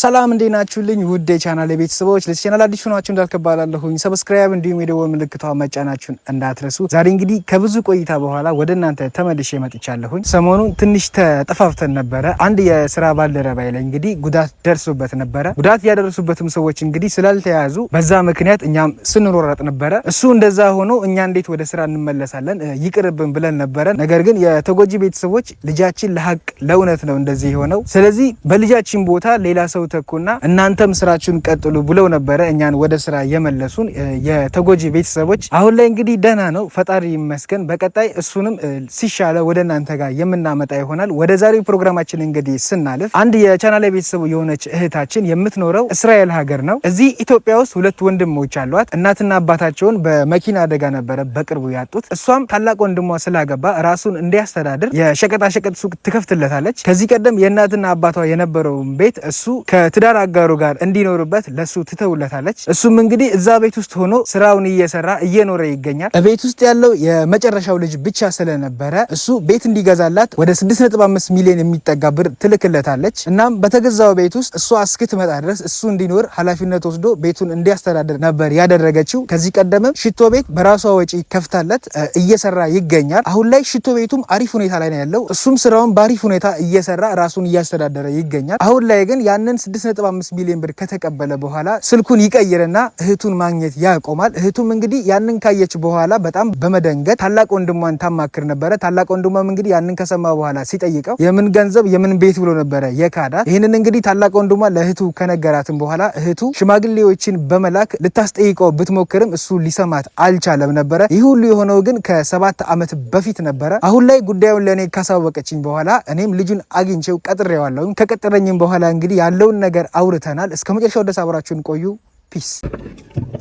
ሰላም እንዴት ናችሁልኝ? ውድ የቻናል የቤተሰቦች ለቻናል ቻናል አዲስ ሆናችሁ እንዳልከባላለሁኝ ሰብስክራይብ፣ እንዲሁም የደወል ምልክቷ መጫናችሁን እንዳትረሱ። ዛሬ እንግዲህ ከብዙ ቆይታ በኋላ ወደ እናንተ ተመልሼ መጥቻለሁኝ። ሰሞኑን ትንሽ ተጠፋፍተን ነበረ። አንድ የስራ ባልደረባ ላይ እንግዲህ ጉዳት ደርሶበት ነበረ። ጉዳት ያደረሱበትም ሰዎች እንግዲህ ስላልተያዙ በዛ ምክንያት እኛም ስንሮረጥ ነበረ። እሱ እንደዛ ሆኖ እኛ እንዴት ወደ ስራ እንመለሳለን ይቅርብን ብለን ነበረ። ነገር ግን የተጎጂ ቤተሰቦች ልጃችን ለሀቅ ለእውነት ነው እንደዚህ የሆነው ስለዚህ በልጃችን ቦታ ሌላ ሰው ተኩና እናንተም ስራችሁን ቀጥሉ ብለው ነበረ እኛን ወደ ስራ የመለሱን የተጎጂ ቤተሰቦች። አሁን ላይ እንግዲህ ደህና ነው ፈጣሪ ይመስገን። በቀጣይ እሱንም ሲሻለ ወደ እናንተ ጋር የምናመጣ ይሆናል። ወደ ዛሬው ፕሮግራማችን እንግዲህ ስናልፍ አንድ የቻናል ቤተሰቡ የሆነች እህታችን የምትኖረው እስራኤል ሀገር ነው። እዚህ ኢትዮጵያ ውስጥ ሁለት ወንድሞች አሏት። እናትና አባታቸውን በመኪና አደጋ ነበረ በቅርቡ ያጡት። እሷም ታላቅ ወንድሟ ስላገባ ራሱን እንዲያስተዳድር የሸቀጣሸቀጥ ሱቅ ትከፍትለታለች። ከዚህ ቀደም የእናትና አባቷ የነበረውን ቤት እሱ ከትዳር አጋሩ ጋር እንዲኖርበት ለሱ ትተውለታለች። እሱም እንግዲህ እዛ ቤት ውስጥ ሆኖ ስራውን እየሰራ እየኖረ ይገኛል። ቤት ውስጥ ያለው የመጨረሻው ልጅ ብቻ ስለነበረ እሱ ቤት እንዲገዛላት ወደ 6.5 ሚሊዮን የሚጠጋ ብር ትልክለታለች። እናም በተገዛው ቤት ውስጥ እሷ እስክትመጣ ድረስ እሱ እንዲኖር ኃላፊነት ወስዶ ቤቱን እንዲያስተዳድር ነበር ያደረገችው። ከዚህ ቀደምም ሽቶ ቤት በራሷ ወጪ ከፍታለት እየሰራ ይገኛል። አሁን ላይ ሽቶ ቤቱም አሪፍ ሁኔታ ላይ ነው ያለው። እሱም ስራውን በአሪፍ ሁኔታ እየሰራ ራሱን እያስተዳደረ ይገኛል። አሁን ላይ ግን ያንን ቢያንስ 6.5 ሚሊዮን ብር ከተቀበለ በኋላ ስልኩን ይቀይርና እህቱን ማግኘት ያቆማል። እህቱም እንግዲህ ያንን ካየች በኋላ በጣም በመደንገጥ ታላቅ ወንድሟን ታማክር ነበረ። ታላቅ ወንድሟም እንግዲህ ያንን ከሰማ በኋላ ሲጠይቀው የምን ገንዘብ የምን ቤት ብሎ ነበረ የካዳት። ይህንን እንግዲህ ታላቅ ወንድሟ ለእህቱ ከነገራትም በኋላ እህቱ ሽማግሌዎችን በመላክ ልታስጠይቀው ብትሞክርም እሱ ሊሰማት አልቻለም ነበረ። ይህ ሁሉ የሆነው ግን ከሰባት ዓመት በፊት ነበረ። አሁን ላይ ጉዳዩን ለእኔ ካሳወቀችኝ በኋላ እኔም ልጁን አግኝቼው ቀጥሬዋለሁ። ከቀጠረኝም በኋላ እንግዲህ ያለው ያለውን ነገር አውርተናል። እስከ መጨረሻው ድረስ አብራችሁን ቆዩ። ፒስ።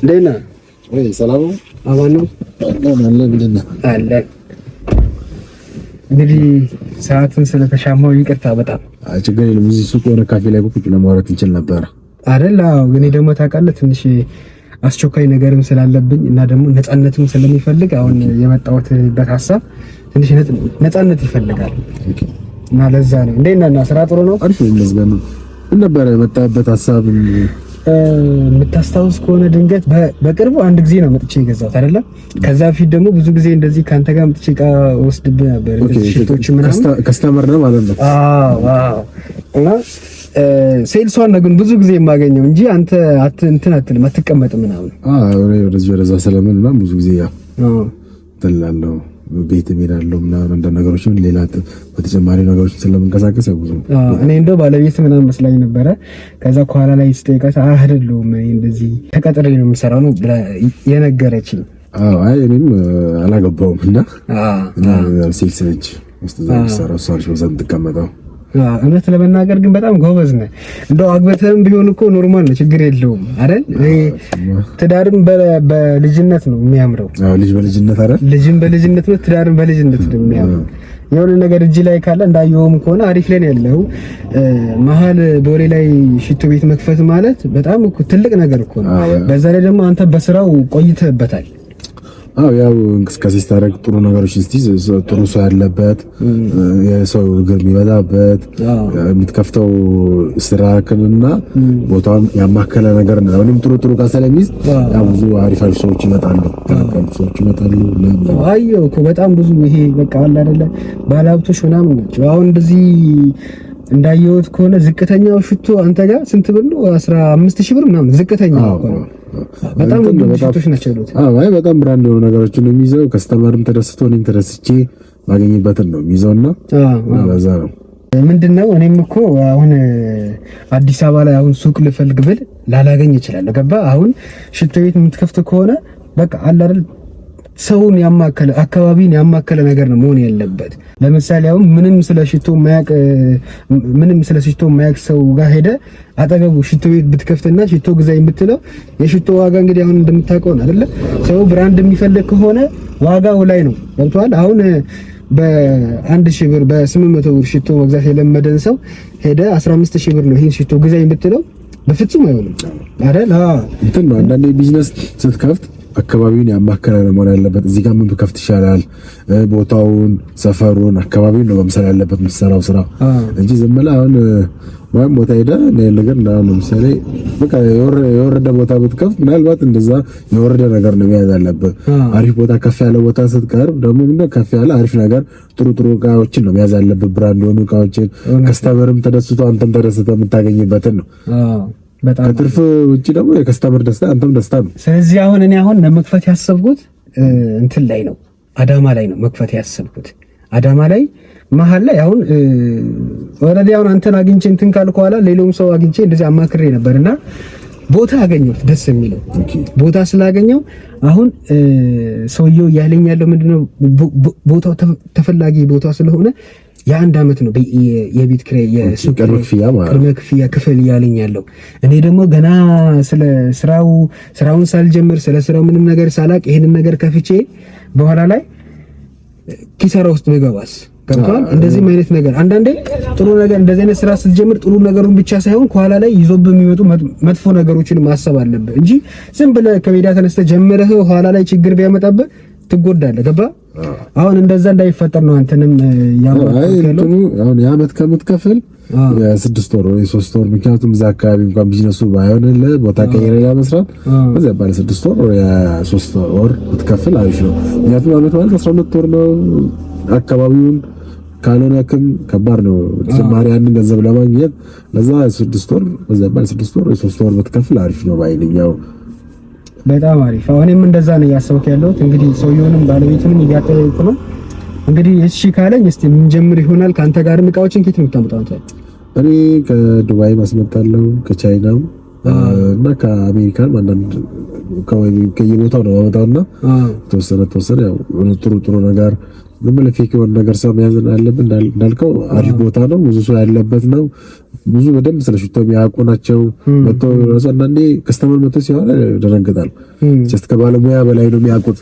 እንዴት ወይ ሰላም ነው? አማን ነው? አለ እንግዲህ ሰዓትን ስለተሻማው ይቅርታ በጣም ችግር የለም። እዚህ ሱቅ የሆነ ካፌ ላይ ቁጭ ለማውራት እንችል ነበር አይደል? አዎ። እኔ ደግሞ ታውቃለህ ትንሽ አስቸኳይ ነገርም ስላለብኝ እና ደግሞ ነፃነትም ስለሚፈልግ አሁን የመጣሁትበት ሀሳብ ትንሽ ነፃነት ይፈልጋል እና ለዛ ነው። እንዴት ነህ? ስራ ጥሩ ነው? አሪፍ ነው። ነበረ የመጣበት ሀሳብ የምታስታውስ ከሆነ ድንገት በቅርቡ አንድ ጊዜ ነው መጥቼ የገዛሁት አይደለም። ከዛ በፊት ደግሞ ብዙ ጊዜ እንደዚህ ከአንተ ጋር መጥቼ ዕቃ ወስድብህ ነበር። ሽቶች ምናምን ከስተመር ነው ማለት ነው። አዎ እና ሴልሷን ነው ግን ብዙ ጊዜ የማገኘው እንጂ አንተ እንትን አትልም አትቀመጥም ምናምን። አዎ ወደዚህ ወደዛ ስለምን ምናምን ብዙ ጊዜ ያ እንትን እላለሁ ቤት እሄዳለሁ ምናምን አንዳንድ ነገሮች ሌላ በተጨማሪ ነገሮች ስለምንቀሳቀስ ብዙ እኔ እንደው ባለቤት ምናምን መስላኝ ነበረ። ከዛ ከኋላ ላይ ስጠይቃት አይደለሁም እንደዚህ ተቀጥሬ ነው የምሰራው ነው የነገረችኝ። አይ እኔም አላገባውም እና ሴልስ ነች ውስጥ እዛ የሚሰራው እሷ ነች በዛ የምትቀመጠው እውነት ለመናገር ግን በጣም ጎበዝ ነህ። እንደው አግበተም ቢሆን እኮ ኖርማል ነው፣ ችግር የለውም አይደል? ትዳርም በልጅነት ነው የሚያምረው። አዎ ልጅ በልጅነት አይደል? ልጅም በልጅነት ነው፣ ትዳርም በልጅነት ነው የሚያምረው። የሆነ ነገር እጅ ላይ ካለ እንዳየውም ከሆነ አሪፍ ላይ ነው ያለው። መሀል ቦሌ ላይ ሽቶ ቤት መክፈት ማለት በጣም ትልቅ ነገር እኮ ነው። በዛ ላይ ደግሞ አንተ በስራው ቆይተህበታል አዎ ያው እንቅስቃሴ ስታደርግ ጥሩ ነገሮች እስቲ ጥሩ ሰው ያለበት የሰው እግር የሚበዛበት የምትከፍተው ስራ ክምና ቦታውን ያማከለ ነገር ነው። አሁንም ጥሩ ጥሩ ቃል ስለሚይዝ ያው ብዙ አሪፍ አሪፍ ሰዎች ይመጣሉ፣ ሰዎች ይመጣሉ። አየሁ እኮ በጣም ብዙ ይሄ በቃ አለ አይደለ ባለሀብቶች ምናምን ናቸው። አሁን እንደዚህ እንዳየሁት ከሆነ ዝቅተኛው ሽቶ አንተ ጋር ስንት ብር ነው? አስራ አምስት ሺህ ብር ምናምን ዝቅተኛው በጣም በጣም ብራንድ የሆኑ ነገሮችን ነው የሚይዘው። ከስተመርም ተደስቶ እኔም ተደስቼ ማገኝበትን ነው የሚይዘውና እና በዛ ነው ምንድን ነው እኔም እኮ አሁን አዲስ አበባ ላይ አሁን ሱቅ ልፈልግ ብል ላላገኝ ይችላል። ገባ አሁን ሽቶ ቤት የምትከፍት ከሆነ በቃ አለ አይደል ሰውን ያማከለ አካባቢን ያማከለ ነገር ነው መሆን ያለበት። ለምሳሌ አሁን ምንም ስለ ሽቶ ማያቅ ምንም ስለ ሽቶ ማያቅ ሰው ጋር ሄደ አጠገቡ ሽቶ ቤት ብትከፍትና ሽቶ ግዛኝ ብትለው የሽቶ ዋጋ እንግዲህ አሁን እንደምታውቀው ነው አይደለ? ሰው ብራንድ የሚፈልግ ከሆነ ዋጋው ላይ ነው ገብቷል። አሁን በአንድ ሺህ ብር በስምንት መቶ ብር ሽቶ መግዛት የለመደን ሰው ሄደ 15 ሺህ ብር ነው ይሄን ሽቶ ግዛኝ ብትለው በፍጹም አይሆንም አይደል? አዎ እንትን ነው አንዳንዴ ቢዝነስ ስትከፍት አካባቢውን ያማከለ መሆን ያለበት። እዚህ ጋር ምን ብከፍት ይሻላል? ቦታውን፣ ሰፈሩን፣ አካባቢውን ነው መምሰል ያለበት የምትሰራው ስራ እንጂ ዝም ብለህ አሁን ወይም ቦታ ሄደህ ነገር እንደ አሁን ለምሳሌ በቃ የወረደ ቦታ ብትከፍት ምናልባት እንደዛ የወረደ ነገር ነው መያዝ አለብህ። አሪፍ ቦታ፣ ከፍ ያለ ቦታ ስትቀርብ ደግሞ ምንድነው ከፍ ያለ አሪፍ ነገር፣ ጥሩ ጥሩ እቃዎችን ነው መያዝ አለብህ። ብራንድ የሆኑ እቃዎችን ከስተመርም ተደስቶ አንተም ተደስተ የምታገኝበትን ነው ከትርፍ ውጭ ደግሞ የከስተመር ደስታ አንተም ደስታ ነው። ስለዚህ አሁን እኔ አሁን ለመክፈት ያሰብኩት እንትን ላይ ነው፣ አዳማ ላይ ነው መክፈት ያሰብኩት አዳማ ላይ መሀል ላይ አሁን ኦልሬዲ አሁን አንተን አግኝቼ እንትን ካልኩ ኋላ ሌሎም ሰው አግኝቼ እንደዚህ አማክሬ እና ቦታ አገኘሁት። ደስ የሚለው ቦታ ስላገኘው አሁን ሰውየው ያለኝ ያለው ምንድነው ቦታው ተፈላጊ ቦታ ስለሆነ የአንድ አመት ነው የቤት ኪራይ ቅድመ ክፍያ ክፍል እያለኝ ያለው። እኔ ደግሞ ገና ስለ ስራው ስራውን ሳልጀምር ስለ ስራው ምንም ነገር ሳላቅ ይህንን ነገር ከፍቼ በኋላ ላይ ኪሳራ ውስጥ ብገባስ? ገብቷል። እንደዚህም አይነት ነገር አንዳንዴ ጥሩ ነገር እንደዚህ አይነት ስራ ስትጀምር ጥሩ ነገሩን ብቻ ሳይሆን ከኋላ ላይ ይዞብህ የሚመጡ መጥፎ ነገሮችን ማሰብ አለብህ እንጂ ዝም ብለህ ከሜዳ ተነስተህ ጀምረህ ኋላ ላይ ችግር ቢያመጣብህ ትጎዳለህ። ገባ አሁን እንደዛ እንዳይፈጠር ነው። አንተንም ያሁን የአመት ከምትከፍል የስድስት ወር ወይ ሶስት ወር ምክንያቱም እዛ አካባቢ እንኳን ቢዝነሱ ባይሆንልህ ቦታ ቀይሬ ለመስራት በዚያ ባለ ስድስት ወር ወይ ሶስት ወር ብትከፍል አሪፍ ነው። ምክንያቱም አመት ማለት አስራ ሁለት ወር ነው። አካባቢውን ካልሆነ ህክም ከባድ ነው። ተጨማሪ አንድ ገንዘብ ለማግኘት ለዛ ስድስት ወር በዛ ባለ ስድስት ወር ወይ ሶስት ወር ብትከፍል አሪፍ ነው ባይልኛው በጣም አሪፍ። አሁንም እንደዛ ነው እያሰብኩ ያለሁት። እንግዲህ ሰውየውንም ባለቤቱንም እያጠየቁ ነው። እንግዲህ እሺ ካለኝ እስቲ ምን ጀምር ይሆናል። ከአንተ ጋር እቃዎችን ከየት የምታመጣው አንተ? እኔ ከዱባይ ማስመጣለሁ፣ ከቻይናም እና ከአሜሪካን አንዳንድ ከየቦታው ነው ማመጣው ተወሰነ ተወሰነ ያው ጥሩ ጥሩ ነገር ዝም ብለህ ፌክ የሆነ ነገር ሰው መያዝ አለብን እንዳልከው፣ አሪፍ ቦታ ነው፣ ብዙ ሰው ያለበት ነው። ብዙ በደንብ ስለ ሽቶ የሚያውቁ ናቸው። መቶ አንዳንዴ ከስተመር መቶ ሲሆን ደነግጣሉ። ጀስት ከባለሙያ በላይ ነው የሚያውቁት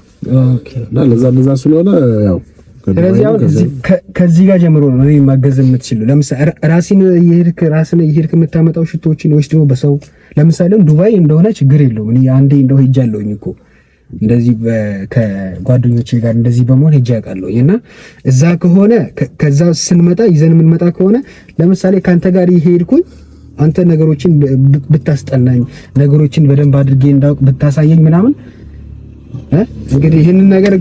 እና ለዛ ነዛ ስለሆነ ያው ከዚህ ጋር ጀምሮ ነው እኔ ማገዝ የምትችል። ለምሳሌ ራስን እየሄድክ ራስን እየሄድክ የምታመጣው ሽቶዎችን ወይስ ደግሞ በሰው ለምሳሌ ዱባይ እንደሆነ ችግር የለውም። እኔ አንዴ እንደው ሄጃለሁኝ እኮ እንደዚህ ከጓደኞቼ ጋር እንደዚህ በመሆን ሄጄ አውቃለሁ። እና እዛ ከሆነ ከዛ ስንመጣ ይዘን የምንመጣ ከሆነ ለምሳሌ ከአንተ ጋር ይሄድኩኝ አንተ ነገሮችን ብታስጠናኝ ነገሮችን በደንብ አድርጌ እንዳውቅ ብታሳየኝ ምናምን እንግዲህ ይህንን ነገር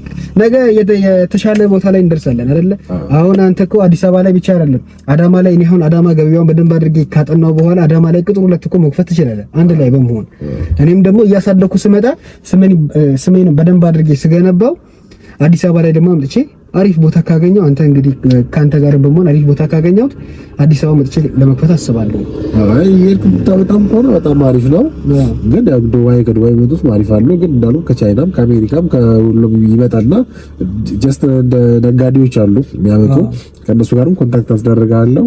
ነገ የተሻለ ቦታ ላይ እንደርሳለን አይደለ? አሁን አንተ እኮ አዲስ አበባ ላይ ብቻ አይደለም አዳማ ላይ እኔ አሁን አዳማ ገበያውን በደንብ አድርጌ ካጠናው በኋላ አዳማ ላይ ቁጥር ሁለት እኮ መክፈት ትችላለህ፣ አንድ ላይ በመሆን እኔም ደግሞ እያሳደኩ ስመጣ ስሜን በደንብ አድርጌ ስገነባው አዲስ አበባ ላይ ደግሞ አምጥቼ አሪፍ ቦታ ካገኘው አንተ እንግዲህ ከአንተ ጋር በመሆን አሪፍ ቦታ ካገኘሁት አዲስ አበባ መጥቼ ለመክፈት አስባለሁ። አይ በጣም ከሆነ በጣም አሪፍ ነው፣ ግን ያው ዱባይ ከዱባይ መጡት አሪፍ አለው። ግን እንዳሉ ከቻይናም ከአሜሪካም ከሁሉም ይመጣና ጀስት ነጋዴዎች አሉ የሚያመጡ ከእነሱ ጋርም ኮንታክት አስደርጋለሁ።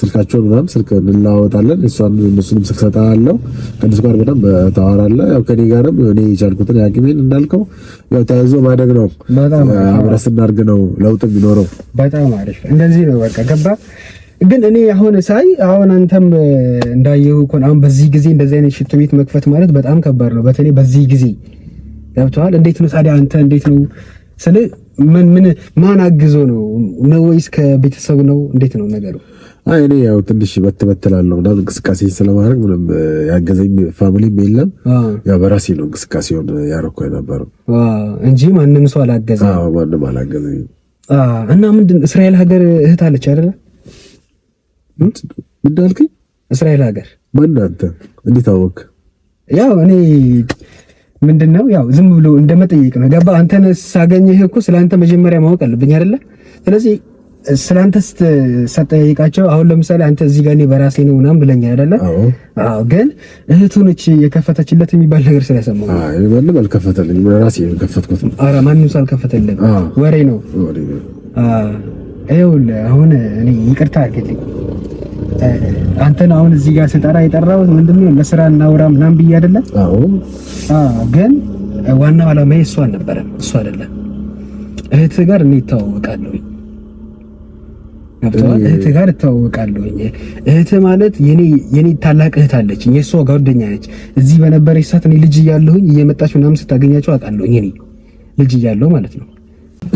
ስልካቸውን ምናምን ስልክ እንለዋወጣለን። እሷን እነሱንም ስልክ ሰጣለው። ከእነሱ ጋር በደንብ ታወራለህ። ያው ከኔ ጋርም እኔ የቻልኩትን ያቅሜን እንዳልከው ያው ተያይዞ ማደግ ነው። አብረን ስናድግ ነው ለውጥ የሚኖረው። በጣም አሪፍ እንደዚህ ነው በቃ ገባ። ግን እኔ አሁን ሳይ አሁን አንተም እንዳየው እኮ አሁን በዚህ ጊዜ እንደዚህ አይነት ሽቶ ቤት መክፈት ማለት በጣም ከባድ ነው። በተለይ በዚህ ጊዜ ገብተዋል። እንዴት ነው ታዲያ አንተ እንዴት ነው ስለ ምን ምን ማን አግዞ ነው ነው ወይስ ከቤተሰብ ነው? እንዴት ነው ነገሩ? አይ እኔ ያው ትንሽ በትበትላለሁ ምናምን እንቅስቃሴ ስለማድረግ ምንም ያገዘኝ ፋሚሊም የለም። ያው በራሴ ነው እንቅስቃሴውን ያረኩ የነበረው እንጂ ማንም ሰው አላገዘ። አዎ ማንም አላገዘኝ። እና ምንድን እስራኤል ሀገር እህት አለች አይደለ? ምንድን አልከኝ? እስራኤል ሀገር አንተ? እንዴት አወቅ? ያው እኔ ምንድን ነው ያው ዝም ብሎ እንደመጠየቅ ነው። ገባ አንተን ሳገኘህ እኮ ስለአንተ መጀመሪያ ማወቅ አለብኝ አይደለ? ስለዚህ ስለአንተ ስጠያይቃቸው አሁን ለምሳሌ አንተ እዚህ ጋር እኔ በራሴ ነው ምናምን ብለኛ አይደለ? አዎ። ግን እህቱ ነች የከፈተችለት የሚባል ነገር ስለሰማሁ ምንም አልከፈተልኝ፣ ራሴ ነው የከፈትኩት። ኧረ ማንም ሰው አልከፈተልኝም፣ ወሬ ነው። ይኸውልህ አሁን እኔ ይቅርታ አድርግልኝ አንተን አሁን እዚህ ጋር ስጠራ የጠራሁት ወንድሜ ለስራ እናውራ ምናምን ብዬ አይደለ? አዎ። ግን ዋና ዓላማዬ እሱ አልነበረም። እሱ አይደለም። እህት ጋር እኔ እተዋወቃለሁ። እህት ጋር እተዋወቃለሁ። እህት ማለት የኔ የኔ ታላቅ እህት አለች፣ የእሷ ጓደኛ ነች። እዚህ በነበረች ሰዓት እኔ ልጅ እያለሁኝ እየመጣች ምናምን ስታገኛቸው አውቃለሁ። እኔ ልጅ እያለሁ ማለት ነው።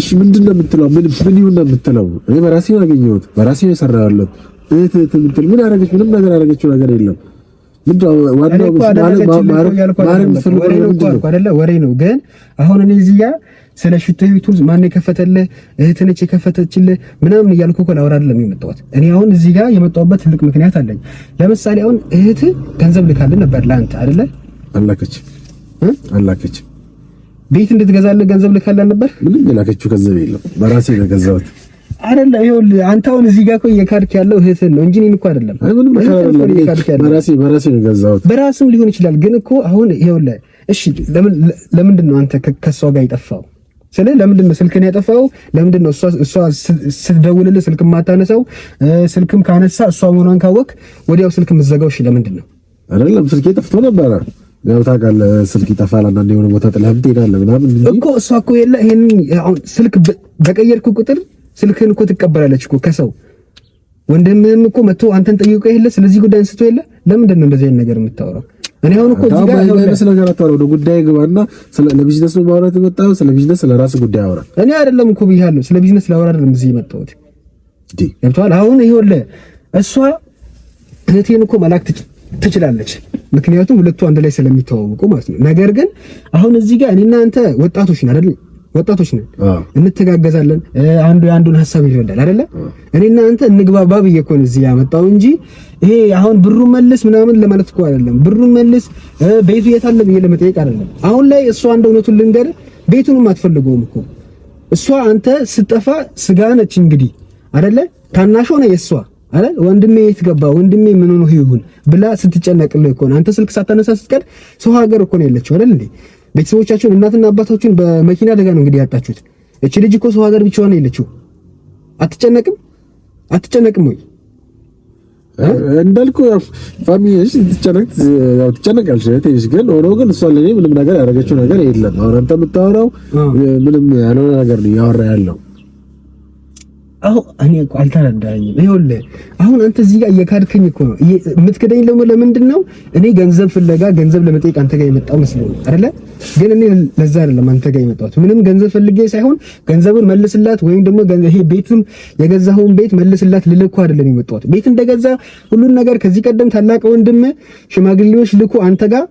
እሺ፣ ምንድን ነው የምትለው? ምን ምን ይሁን ነው የምትለው? እኔ በራሴ ነው ያገኘሁት፣ በራሴ ነው የሰራሁት እህት ትምትል ምን አደረገች? ምንም ነገር አደረገችው ነገር የለም። ወሬ ነው። ግን አሁን እኔ እዚህ ያ ስለ ሽቶ ቤቱን ማን የከፈተልህ እህት ነች የከፈተችልህ ምናምን እያልኩ እኮ ላወራ አይደለም የመጣሁት። እኔ አሁን እዚህ ጋር የመጣሁበት ትልቅ ምክንያት አለኝ። ለምሳሌ አሁን እህት ገንዘብ ልካልህ ነበር ለአንተ አይደለ? አላከች አላከች ቤት እንድትገዛልህ ገንዘብ ልካልህ ነበር። ምንም የላከችው ገንዘብ የለም። በራሴ ነው የገዛሁት አይደለ ይኸውልህ፣ አንተ አሁን እዚህ ጋር ቆይ የካድክ ያለው እህትህን ነው እንጂ እኔን እኮ አይደለም። በራሴ በራሴ ነው የገዛሁት። በራስም ሊሆን ይችላል ግን እኮ አሁን ይኸውልህ፣ እሺ፣ ለምን ለምንድን ነው አንተ ከሷ ጋር የጠፋው? ስለ ለምንድን ነው ስልክን ያጠፋው? ለምንድን ነው እሷ እሷ ስትደውልልህ ስልክ ማታነሳው? ስልክም ካነሳ እሷ መሆኗን ካወቅ ወዲያው ስልክ የምትዘጋው እሺ፣ ለምንድን ነው? አይደለም ስልኬ ጠፍቶ ነበረ። ያው ታውቃለህ፣ ስልክ ይጠፋል አንዳንዴ የሆነ ቦታ ጥለህ ትሄዳለህ ምናምን እኮ እሷ እኮ የለ ይሄን አሁን ስልክ በቀየርኩ ቁጥር ስልክህን እኮ ትቀበላለች እኮ ከሰው ወንድምህም እኮ መጥቶ አንተን ጠይቆ የለ ስለዚህ ጉዳይ አንስቶ የለ ለምንድን ነው እንደዚህ አይነት ነገር የምታወራው? እኔ አሁን እኮ እዚህ ጋር ነገር አታወራው። ወደ ጉዳይ ግባና ስለ ለቢዝነስ ነው ማውራት የመጣው ስለ ቢዝነስ ስለ ራስ ጉዳይ አወራ። እኔ አይደለም እኮ ብያለሁ፣ ስለ ቢዝነስ ላወራ አይደለም እዚህ የመጣሁት። ዲ ገብቶሃል? አሁን ይኸውልህ እሷ እህቴን እኮ መላክ ትችላለች፣ ምክንያቱም ሁለቱ አንድ ላይ ስለሚተዋወቁ ማለት ነው። ነገር ግን አሁን እዚህ ጋር እኔና አንተ ወጣቶች ነን አይደል ወጣቶች ነን፣ እንተጋገዛለን። አንዱ የአንዱን ሀሳብ ይረዳል አይደለ? እኔና አንተ እንግባባ ብዬ እኮ ነው እዚህ ያመጣው እንጂ ይሄ አሁን ብሩን መልስ ምናምን ለማለት እኮ አይደለም። ብሩን መልስ ቤቱ የታለ ብዬ ለመጠየቅ አይደለም። አሁን ላይ እሷ አንድ እውነቱን ልንገርህ፣ ቤቱንም አትፈልገውም እኮ እሷ። አንተ ስጠፋ ስጋ ነች እንግዲህ አይደለ? ታናሽ ሆነ የእሷ አይደል? ወንድሜ የት ገባ ወንድሜ ምን ሆኖ ይሁን ብላ ስትጨነቅልህ እኮ ነው አንተ ስልክ ሳታነሳ ስትቀር ሰው ሀገር እኮ ነው ያለችው አይደል? እንዴ? ቤተሰቦቻችሁን እናትና አባታችሁን በመኪና አደጋ ነው እንግዲህ ያጣችሁት። እቺ ልጅ እኮ ሰው ሀገር ብቻዋን የለችው። አትጨነቅም አትጨነቅም ወይ እንዳልኩ ፋሚሊሽ ትጨነቅ ያው ትጨነቃለች። ትንሽ ግን ሆኖ ግን እሷ ለኔ ምንም ነገር ያደረገችው ነገር የለም። አሁን አንተ የምታወራው ምንም ያልሆነ ነገር ነው እያወራ ያለው አሁን እኔ እኮ አልተረዳኸኝም። ይኸውልህ አሁን አንተ እዚህ ጋር እየካድከኝ እኮ ነው። የምትክደኝ ደግሞ ለምንድን ነው? እኔ ገንዘብ ፍለጋ ገንዘብ ለመጠየቅ አንተ ጋር የመጣው መስሎኝ አይደለ? ግን እኔ ለዛ አይደለም አንተ ጋር የመጣሁት። ምንም ገንዘብ ፈልጌ ሳይሆን ገንዘቡን መልስላት ወይም ደግሞ ይሄ ቤቱን የገዛኸውን ቤት መልስላት ልልኩ አይደለም የመጣሁት። ቤት እንደገዛ ሁሉን ነገር ከዚህ ቀደም ታላቅ ወንድም ሽማግሌዎች ልኩ አንተ ጋር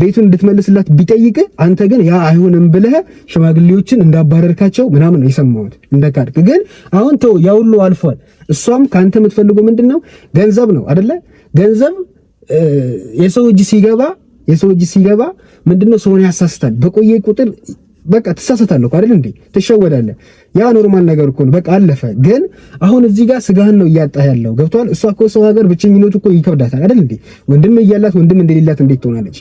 ቤቱን እንድትመልስላት ቢጠይቅ አንተ ግን ያ አይሆንም ብለህ ሽማግሌዎችን እንዳባረርካቸው ምናምን ነው የሰማሁት። እንደካድክ ግን አሁን ተው፣ ያ ሁሉ አልፏል። እሷም ከአንተ የምትፈልገው ምንድን ነው? ገንዘብ ነው አደለ? ገንዘብ የሰው እጅ ሲገባ የሰው እጅ ሲገባ ምንድነው ሰውን ያሳስታል። በቆየ ቁጥር በቃ ትሳሳታለህ አይደል እንዴ? ትሸወዳለህ። ያ ኖርማል ነገር እኮ ነው። በቃ አለፈ። ግን አሁን እዚህ ጋር ስጋህን ነው እያጣህ ያለው። ገብቶሃል? እሷ እኮ ሰው ሀገር ብቸኝነቱ እኮ ይከብዳታል አይደል እንዴ? ወንድም እያላት ወንድም እንደሌላት እንዴት ትሆናለች?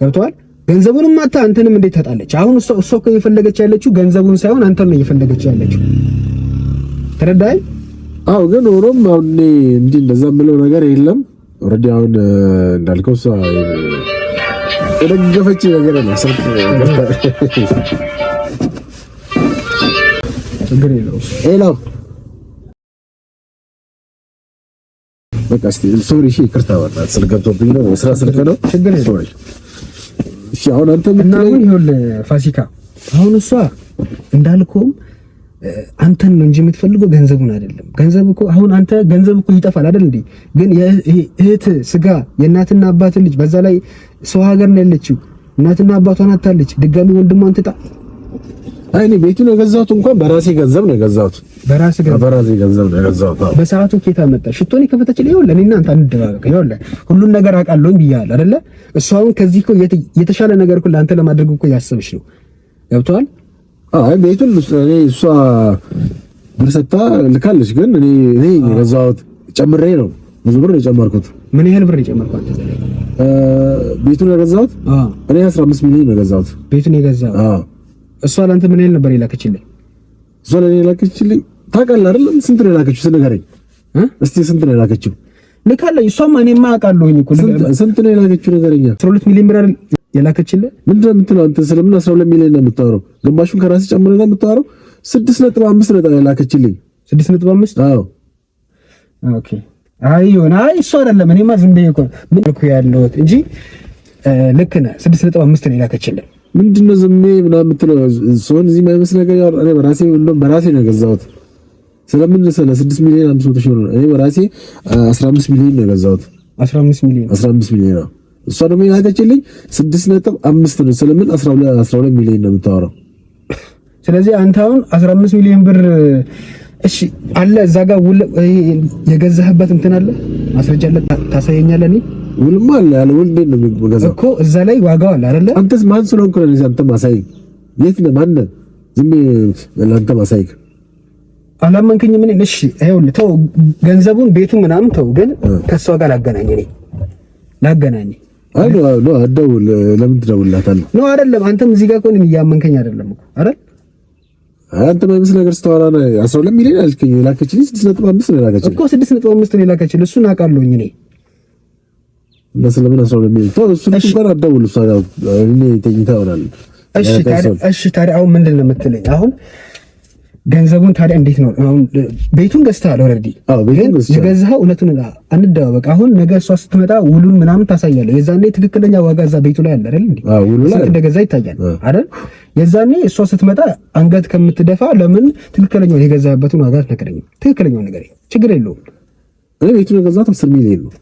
ገብተዋል። ገንዘቡንም አታ አንተንም እንዴት ታጣለች? አሁን እሷ እሷ እኮ እየፈለገች ያለችው ገንዘቡን ሳይሆን አንተን ነው እየፈለገች ያለችው። ተረዳኸኝ? አው ግን ሆኖም አሁን እኔ እንዲህ እንደዛ የምለው ነገር የለም። ኦልሬዲ አሁን እንዳልከው እሷ የደገፈች ነገር ነው። ስልክ ችግር የለውም። ሄሎ በቃ እስኪ ሶሪ፣ ይቅርታ ስልክ ገብቶብኝ ነው። ስራ ስልክ ነው። ችግር የለውም። እሺ አሁን አንተ ምናምን ይሁን ፋሲካ፣ አሁን እሷ እንዳልከውም አንተን ነው እንጂ የምትፈልገው ገንዘቡን አይደለም። ገንዘብ እኮ አሁን አንተ ገንዘብ እኮ ይጠፋል አይደል እንዴ? ግን እህት ስጋ የእናትና አባት ልጅ በዛ ላይ ሰው ሀገር ነው ያለችው። እናትና አባቷን አታለች ድጋሚ ወንድሟን ትጣ። አይ እኔ ቤቱን የገዛሁት እንኳን በራሴ ገንዘብ ነው የገዛሁት በራስ ገንዘብ በሰዓቱ ኬታ መጣ ከፈተች ላይ ይኸውልህ። እኔና አንተ እንደባበቀ ይኸውልህ፣ ሁሉን ነገር አውቃለሁኝ ብያለሁ አይደለ? እሱ አሁን ከዚህ እኮ የተሻለ ነገር እኮ ለአንተ ለማድረግ እኮ ያሰብሽ ነው። ገብቶሃል? አይ ቤቱን እኔ እሷ ብር ሰጥታ ልካለች፣ ግን እኔ እኔ የገዛሁት ጨምሬ ነው። ብዙ ብር የጨመርኩት። ምን ያህል ብር የጨመርኩት? ቤቱን የገዛሁት እኔ 15 ሚሊዮን የገዛሁት ቤቱን የገዛሁት። እሷ ለአንተ ምን ያህል ነበር የላከችልህ? እሷ ለእኔ የላከችልኝ ታውቃለህ አይደለም? ስንት ነው የላከችው? ስንገረኝ እስቲ ስንት ነው የላከችው? ልካለኝ። እሷም እኔማ አውቃለሁ እኮ ስንት ነው የላከችው? ንገረኝ። 12 ሚሊዮን ብር አይደል የላከችልህ? ምንድን ነው የምትለው አንተ? ስለምን 12 ሚሊዮን ነው የምታወራው? ግማሹን ከራስህ ጨምረህ ነው የምታወራው። 6.5 ነው የላከችልኝ። 6.5 አዎ። ኦኬ። አይ ይሁን። አይ እሱ አይደለም። እኔማ ዝም ብዬ እኮ ምን ልኩ ያለሁት እንጂ ልክ ነህ። 6.5 ነው የላከችልህ። ምንድን ነው ዝም ብዬ ምናምን የምትለው? እሱን እዚህ የማይመስል ነገር በራሴ ነው የገዛሁት ስለምን ስለ 6 ሚሊዮን 500 ሺህ እኔ በራሴ 15 ሚሊዮን ነው የገዛሁት። 15 ሚሊዮን ነው። እሷ ደግሞ የላከችልኝ ነው። ስለምን 12 12 ሚሊዮን ነው የምታወራው? ስለዚህ አንተ አሁን 15 ሚሊዮን ብር እሺ፣ አለ እዛ ጋር ውል የገዛህበት እንትን አለ፣ ማስረጃ አለ፣ ታሳየኛለህ? እኔ ውልማ አለ ያለ ውል እንዴት ነው እኮ እዛ ላይ ዋጋው አለ አይደለ? አንተስ ማን ነው አንተ ማሳይ የት ነህ? ማን ዝም ለአንተ ማሳይክ አላመንክኝም? ምን እሺ፣ ይኸውልህ ተው፣ ገንዘቡን ቤቱ ምናምን ተው፣ ግን ከሷ ጋር ላገናኝ እኔ ላገናኝ አሎ አሎ አደውል። ለምን ትደውልላታለህ? ነው አይደለም? አንተም እዚህ ጋር ቆን እያመንከኝ አይደለም እኮ አይደል? አንተ በምስል ነገር ስታወራ ነው 12 ሚሊዮን አልከኝ። የላከችልኝ 6.5 ነው የላከችልኝ እኮ 6.5 ነው የላከችልኝ። እሱን አውቃለሁኝ እኔ እና ስለምን 12 ሚሊዮን ተው፣ እሱን እንኳን አደውል። እሷ ጋር እኔ ተኝታ ይሆናል። እሺ ታዲያ እሺ ታዲያ አሁን ምንድን ነው የምትለኝ አሁን ገንዘቡን ታዲያ እንዴት ነው ቤቱን ገዝተሃል? ኦልሬዲ የገዛኸው እውነቱን አንደባበቅ። አሁን ነገ እሷ ስትመጣ ውሉን ምናምን ታሳያለህ። የዛኔ ትክክለኛ ዋጋ እዛ ቤቱ ላይ አለ አይደል? ስንት እንደገዛ ይታያል አይደል? የዛኔ እሷ ስትመጣ አንገት ከምትደፋ ለምን ትክክለኛ የገዛበትን ዋጋ አትነግረኝም? ትክክለኛው ነገር ችግር የለውም። እኔ ቤቱን የገዛሁት አስር ሚሊዮን ነው።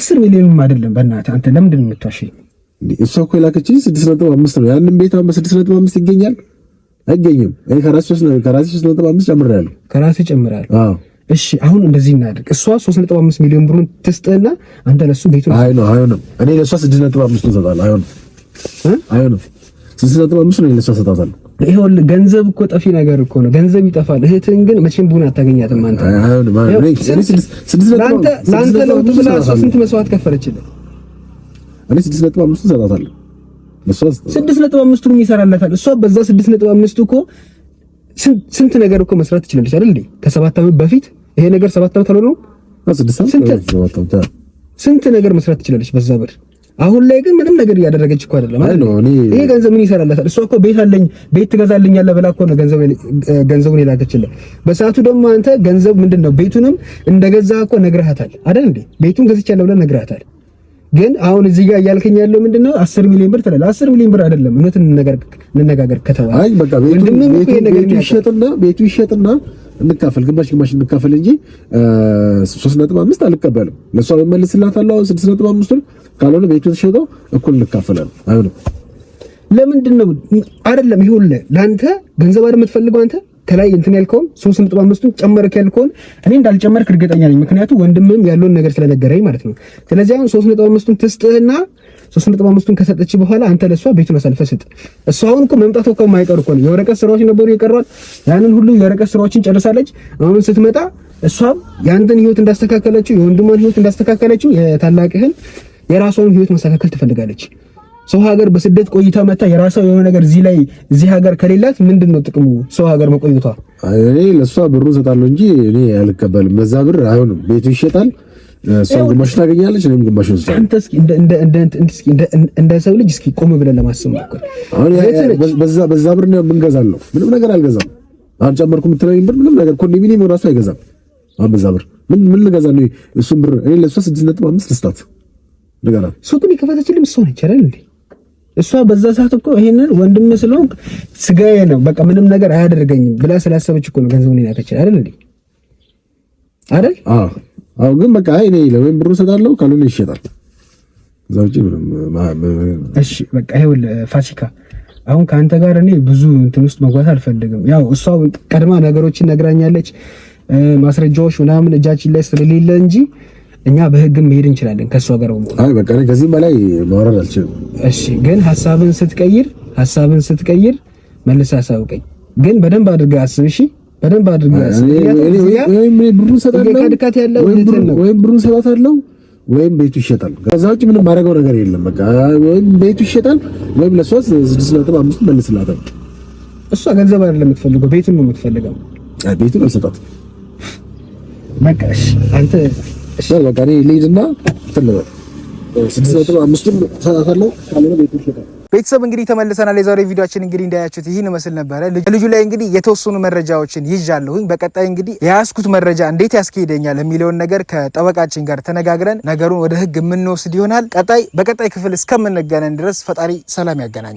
አስር ሚሊዮንም አይደለም። በእናትህ አንተ ለምንድን ነው የምትዋሸኝ? እሷ እኮ የላከችኝ ስድስት ነጥብ አምስት ነው። ያንን ቤት በስድስት ነጥብ አምስት ይገኛል አይገኝም። እኔ ከራሴ ሶስት ነጥብ አምስት ጨምሬያለሁ። ከራሴ ጨምሬያለሁ። አዎ እሺ አሁን እንደዚህ እናድርግ። እሷ 3.5 ሚሊዮን ብሩን ትስጥህና አንተ ለሱ ቤቱን አይ ነው አይ ነው እኔ ለሷ 6.5 ነው እሰጣለሁ። አይ ነው 6.5 ነው ለሷ እሰጣታለሁ። ይኸውልህ ገንዘብ እኮ ጠፊ ነገር እኮ ነው። ገንዘብ ይጠፋል። እህትህን ግን መቼም ቡና አታገኛትም። አንተ አይ ነው ለአንተ ለውጥ ብላ እሷ ስንት መስዋዕት ከፈለችልህ? እኔ 6.5 እሰጣታለሁ ስድስት ነጥብ አምስቱን ይሰራላታል። እሷ በዛ ስድስት ነጥብ አምስቱ እኮ ስንት ነገር እኮ መስራት ትችላለች አይደል እንዴ? ከሰባት ዓመት በፊት ይሄ ነገር ሰባት ዓመት አልሆነው ስንት ነገር መስራት ትችላለች በዛ ብር። አሁን ላይ ግን ምንም ነገር እያደረገች እኮ አይደለም ማለት ይሄ ገንዘብ ምን ይሰራላታል? እሷ እኮ ቤት አለኝ ቤት ትገዛልኝ ብላ እኮ ነው ገንዘቡን የላከችልህ። በሰዓቱ ደግሞ አንተ ገንዘብ ምንድን ነው ቤቱንም እንደገዛ እኮ ነግረሃታል አይደል እንዴ? ቤቱን ገዝቻለሁ ብለህ ነግረሃታል። ግን አሁን እዚህ ጋር እያልከኝ ያለው ምንድነው? 10 ሚሊዮን ብር ትላለህ። 10 ሚሊዮን ብር አይደለም፣ እውነት እንነጋገር ከተባለ አይ በቃ ቤቱ ቤቱ ይሸጥና ቤቱ ይሸጥና እንካፈል፣ ግማሽ ግማሽ እንካፈል እንጂ 3.5 አልቀበልም። ለእሷ እመልስላታለሁ 6.5ቱን፣ ካልሆነ ቤቱ ተሸጦ እኩል እንካፈላለን። አይሆንም። ለምንድን ነው አይደለም? ይሁን ለአንተ ገንዘብ አይደል የምትፈልገው አንተ ተላይ እንትን ያልከውን ሶስት ነጥብ አምስቱን ጨመርክ ያልከውን እኔ እንዳልጨመርክ እርግጠኛ ነኝ። ምክንያቱም ወንድምም ያለውን ነገር ስለነገረኝ ማለት ነው። ስለዚህ አሁን ሶስት ነጥብ አምስቱን ትስጥህና ሶስት ነጥብ አምስቱን ከሰጠች በኋላ አንተ ለእሷ ቤቱን አሳልፈህ ስጥ። እሷ አሁን እኮ መምጣቷ እኮ የማይቀር እኮ ነው። የወረቀት ስራዎች ነበሩ የቀሯል። ያንን ሁሉ የወረቀት ስራዎችን ጨርሳለች። አሁን ስትመጣ እሷም የአንተን ህይወት እንዳስተካከለችው፣ የወንድሟን ህይወት እንዳስተካከለችው የታላቅህን የራሷን ህይወት ማስተካከል ትፈልጋለች። ሰው ሀገር በስደት ቆይታ መታ የራሷ የሆነ ነገር እዚህ ላይ እዚህ ሀገር ከሌላት ምንድን ነው ጥቅሙ? ሰው ሀገር መቆይቷ። እኔ ለእሷ ብሩ እሰጣለሁ እንጂ እኔ አልቀበልም። በዛ ብር አይሆንም። ቤቱ ይሸጣል፣ ሰው ግማሽ ታገኛለች፣ እኔም ግማሽ ወስዳለሁ። እንደ ሰው ልጅ እስኪ ቆም ብለን ለማሰብ ሞክር። በዛ ብር ምን ገዛለሁ? ምንም ነገር አልገዛም። አልጨመርኩ የምትለኝ ብር ምንም ነገር ኮንዶሚኒየም ራሱ አይገዛም። አሁን በዛ ብር ምን ምን ልገዛ ነው? እሱም ብር እኔ ለእሷ ስድስት ነጥብ አምስት ልስጣት ነገራት። ሱቁን የከፈተችልም እሷ ነች አይደል? እሷ በዛ ሰዓት እኮ ይሄንን ወንድም ስለሆንክ ስጋዬ ነው በቃ ምንም ነገር አያደርገኝም ብላ ስላሰበች እኮ ነው ገንዘቡን ይላከች አይደል እንዴ? አይደል? አዎ። አዎ። ግን በቃ እኔ ለወይም ብሩ ሰጣለሁ ካልሆነ ይሸጣል። እዛ ውጪ ምንም እሺ፣ በቃ ይኸውልህ ፋሲካ አሁን ከአንተ ጋር እኔ ብዙ እንትን ውስጥ መግባት አልፈልግም። ያው እሷ ቀድማ ነገሮችን ነግራኛለች ማስረጃዎች ምናምን እጃችን ላይ ስለሌለ እንጂ እኛ በህግም መሄድ እንችላለን ከእሷ ጋር በመሆን። አይ በቃ ከዚህ በላይ ማውረድ አልችልም። እሺ፣ ግን ሀሳብን ስትቀይር ሀሳብን ስትቀይር መልስ አሳውቀኝ። ግን በደንብ አድርገህ አስብ። እሺ፣ በደንብ አድርገህ አስብ። ወይም ብሩን ሰጣታለሁ ወይም ቤቱ ይሸጣል። ከዛ ውጭ ምንም ማድረገው ነገር የለም። በቃ ወይም ቤቱ ይሸጣል ወይም ለሷስ ስድስት ነጥብ አምስት መልስላታል። እሷ ገንዘብ አይደለም የምትፈልገው ቤቱን ነው የምትፈልገው። ቤቱን አልሰጣትም። በቃ እሺ አንተ ቤተሰብ እንግዲህ ተመልሰናል። የዛሬ ቪዲዮችን እንግዲህ እንዳያችሁት ይህን መስል ነበረ። ልጁ ላይ እንግዲህ የተወሰኑ መረጃዎችን ይዣለሁኝ። በቀጣይ እንግዲህ የያዝኩት መረጃ እንዴት ያስኬደኛል የሚለውን ነገር ከጠበቃችን ጋር ተነጋግረን ነገሩን ወደ ህግ የምንወስድ ይሆናል። ቀጣይ በቀጣይ ክፍል እስከምንገናኝ ድረስ ፈጣሪ ሰላም ያገናኛል።